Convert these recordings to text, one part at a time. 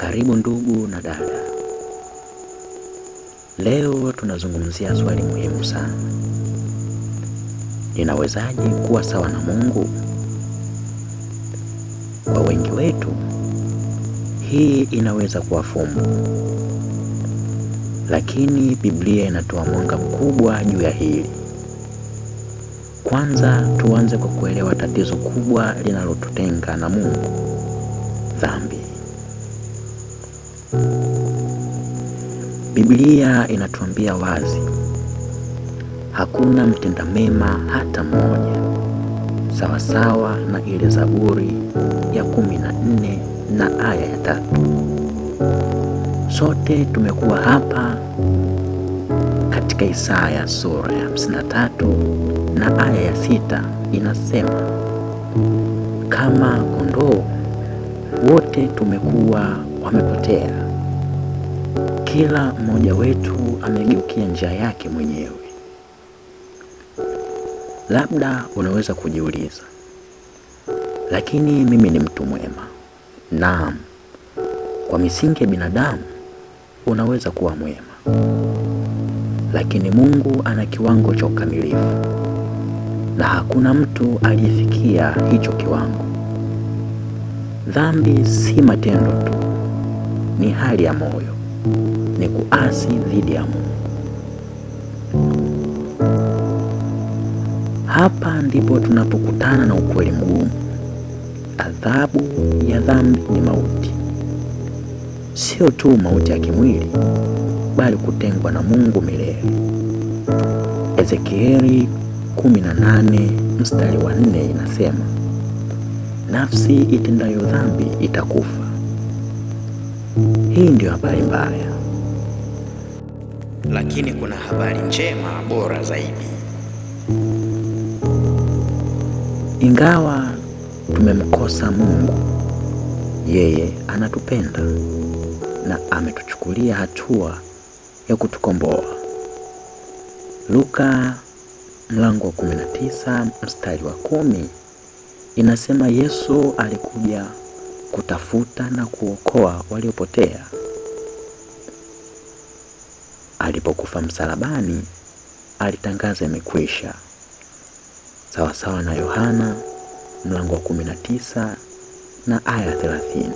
Karibu ndugu na dada, leo tunazungumzia swali muhimu sana: ninawezaje kuwa sawa na Mungu? Kwa wengi wetu hii inaweza kuwa fumbo, lakini Biblia inatoa mwanga mkubwa juu ya hili. Kwanza tuanze kwa kuelewa tatizo kubwa linalotutenga na Mungu: dhambi. Biblia inatuambia wazi, hakuna mtenda mema hata mmoja, sawasawa na ile Zaburi ya kumi na nne na aya ya tatu. Sote tumekuwa hapa katika Isaya sura ya 53 na aya ya sita inasema, kama kondoo wote tumekuwa wamepotea kila mmoja wetu amegeukia njia yake mwenyewe. Labda unaweza kujiuliza, lakini mimi ni mtu mwema. Naam, kwa misingi ya binadamu unaweza kuwa mwema, lakini Mungu ana kiwango cha ukamilifu, na hakuna mtu aliyefikia hicho kiwango. Dhambi si matendo tu, ni hali ya moyo uasi dhidi ya Mungu. Hapa ndipo tunapokutana na ukweli mgumu. Adhabu ya dhambi ni mauti, sio tu mauti ya kimwili, bali kutengwa na Mungu milele. Ezekieli 18 mstari wa 4 inasema, nafsi itendayo dhambi itakufa. Hii ndiyo habari mbaya lakini kuna habari njema bora zaidi. Ingawa tumemkosa Mungu, yeye anatupenda na ametuchukulia hatua ya kutukomboa. Luka mlango wa 19 mstari wa kumi inasema Yesu alikuja kutafuta na kuokoa waliopotea alipokufa msalabani alitangaza imekwisha, sawasawa na Yohana mlango wa 19 na aya 30.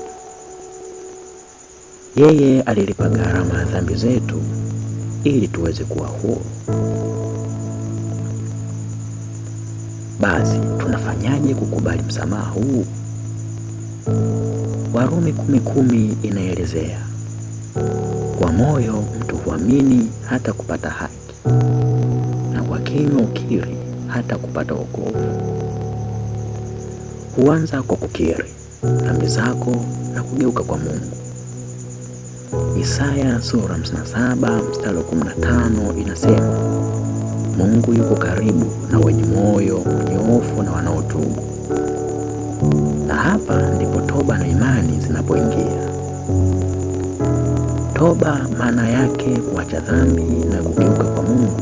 Yeye alilipa gharama ya dhambi zetu ili tuweze kuwa huru. Basi tunafanyaje kukubali msamaha huu? Warumi 10:10 inaelezea kwa moyo mtu huamini hata kupata haki, na kwa kinywa ukiri hata kupata wokovu. Huanza kwa kukiri dhambi zako na kugeuka kwa Mungu. Isaya sura 57 mstari wa 15 inasema, Mungu yuko karibu na wenye moyo mnyofu na wanaotubu. Na hapa ndipo toba na imani zinapoingia. Toba maana yake kuacha dhambi na kugeuka kwa Mungu.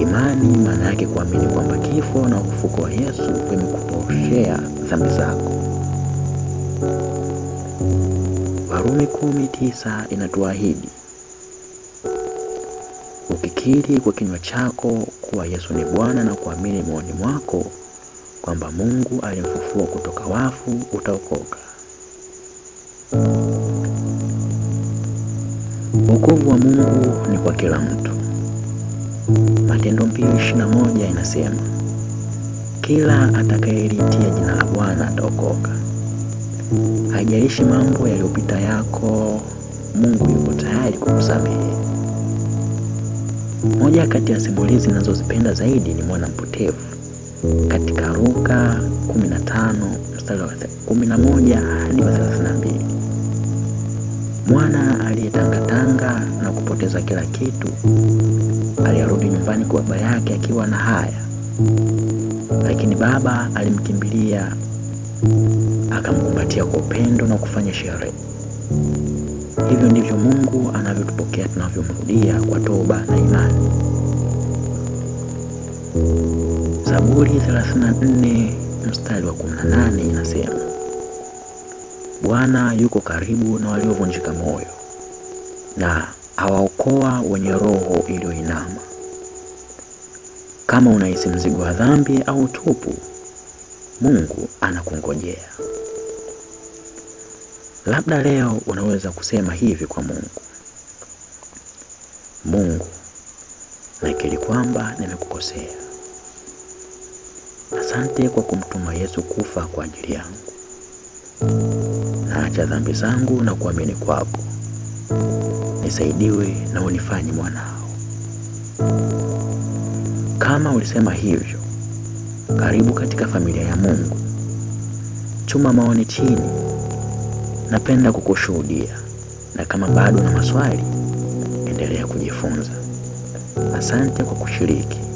Imani maana yake kuamini kwamba kifo na ufufuko wa Yesu vimekuposhea dhambi zako. Warumi kumi tisa inatuahidi ukikiri kwa kinywa chako kuwa Yesu ni Bwana na kuamini moyoni mwako kwamba Mungu alimfufua kutoka wafu utaokoka. Wokovu wa Mungu ni kwa kila mtu. Matendo mbili na moja inasema kila atakayelitia jina la Bwana ataokoka. Haijalishi mambo yaliyopita yako, Mungu yuko tayari kukusamehe. Moja kati ya simulizi ninazozipenda zaidi ni mwana mpotevu katika Luka 15 mstari wa 11 hadi wa 32. Mwana aliyetangatanga na kupoteza kila kitu aliyarudi nyumbani kwa baba yake akiwa na haya, lakini baba alimkimbilia akamkumbatia kwa upendo na kufanya sherehe. Hivyo ndivyo Mungu anavyotupokea tunavyomrudia kwa toba na imani. Zaburi 34 mstari wa 18 inasema Bwana yuko karibu na waliovunjika moyo na awaokoa wenye roho iliyoinama. Kama unahisi mzigo wa dhambi au tupu, Mungu anakungojea. Labda leo unaweza kusema hivi kwa Mungu: Mungu, nakiri kwamba nimekukosea. Asante kwa kumtuma Yesu kufa kwa ajili yangu. Naacha dhambi zangu na kuamini kwako, nisaidiwe na unifanye mwanao. Kama ulisema hivyo, karibu katika familia ya Mungu. Chuma maoni chini, napenda kukushuhudia, na kama bado na maswali, endelea kujifunza. Asante kwa kushiriki.